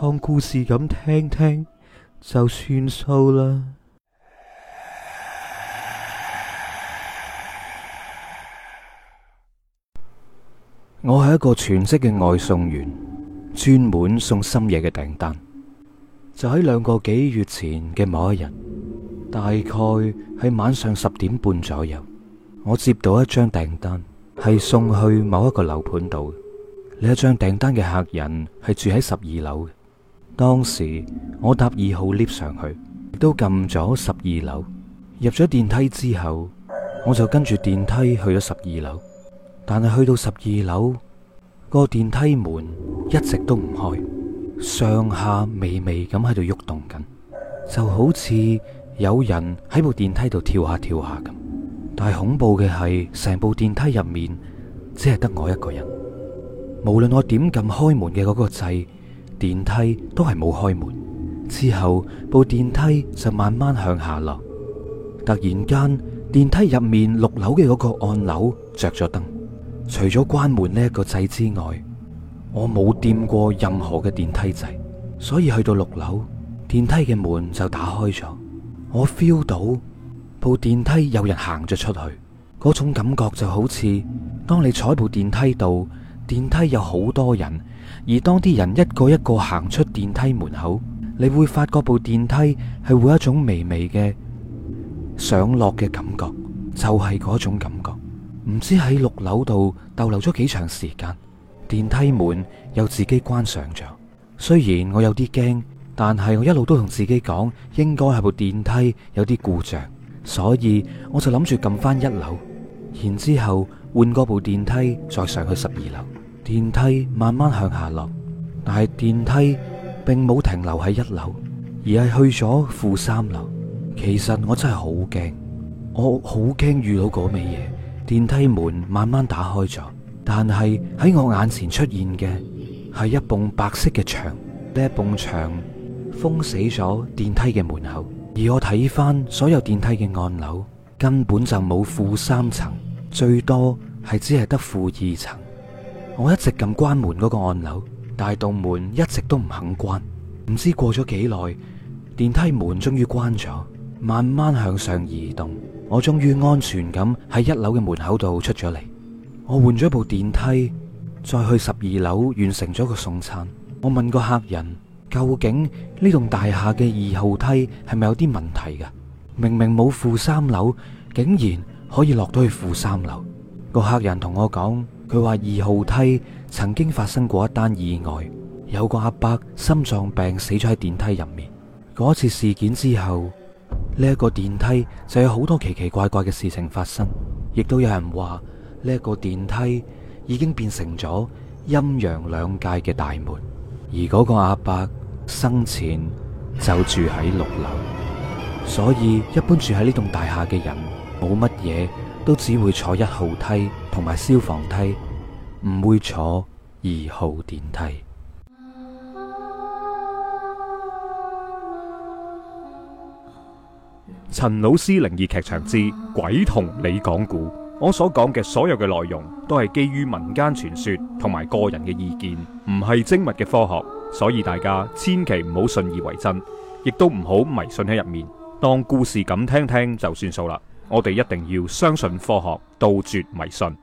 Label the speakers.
Speaker 1: 當故事咁聽聽就算數啦。我係一個全職嘅外送員，專門送深夜嘅訂單。就喺兩個幾月前嘅某一日，大概喺晚上十點半左右，我接到一張訂單，係送去某一個樓盤度。呢一張訂單嘅客人係住喺十二樓嘅。當時我搭二號 lift 上去，亦都撳咗十二樓。入咗電梯之後，我就跟住電梯去咗十二樓。但係去到十二樓，個電梯門一直都唔開，上下微微咁喺度喐動緊，就好似有人喺部電梯度跳下跳下咁。但係恐怖嘅係，成部電梯入面只係得我一個人。無論我點撳開門嘅嗰個掣，電梯都係冇開門，之後部電梯就慢慢向下落。突然間，電梯入面六樓嘅嗰個，個按鈕着咗燈。除咗關門呢一個掣之外，我冇掂過任何嘅電梯掣，所以去到六樓，電梯嘅門就打開咗。我 feel 到部電梯有人行咗出去，嗰種感覺就好似當你坐部電梯度。電梯有好多人，而當啲人一個一個行出電梯門口，你會發覺部電梯係會一種微微嘅上落嘅感覺，就係嗰種感覺。唔知喺六樓度逗留咗幾長時間，電梯門又自己關上着。雖然我有啲驚，但係我一路都同自己講，應該係部電梯有啲故障，所以我就諗住撳翻一樓，然之後換部電梯再上去十二樓。電梯慢慢向下落，但係電梯並冇停留喺一樓，而係去咗負三樓。其實我真係好驚，我好驚遇到嗰味嘢。電梯門慢慢打開咗，但係喺我眼前出現嘅係一埲白色嘅牆，呢一埲牆封死咗電梯嘅門口。而我睇翻所有電梯嘅按鈕，根本就冇負三層，最多係只係得負二層。我一直咁關門嗰個按鈕，但係棟門一直都唔肯關，唔知過咗幾耐，電梯門終於關咗，慢慢向上移動，我終於安全咁喺一樓嘅門口度出咗嚟。我換咗部電梯，再去十二樓完成咗個送餐。我問個客人究竟呢棟大廈嘅二號梯係咪有啲問題噶？明明冇負三樓，竟然可以落到去負三樓。個客人同我講。佢話二號梯曾經發生過一單意外，有個阿伯心臟病死咗喺電梯入面。嗰次事件之後，呢一個電梯就有好多奇奇怪怪嘅事情發生，亦都有人話呢一個電梯已經變成咗陰陽兩界嘅大門。而嗰個阿伯生前就住喺六樓，所以一般住喺呢棟大廈嘅人冇乜嘢。都只會坐一號梯同埋消防梯，唔會坐二號電梯。陳老師靈異劇場之鬼同你講故，我所講嘅所有嘅內容都係基於民間傳說同埋個人嘅意見，唔係精密嘅科學，所以大家千祈唔好信以為真，亦都唔好迷信喺入面，當故事咁聽聽就算數啦。我哋一定要相信科學，杜絕迷信。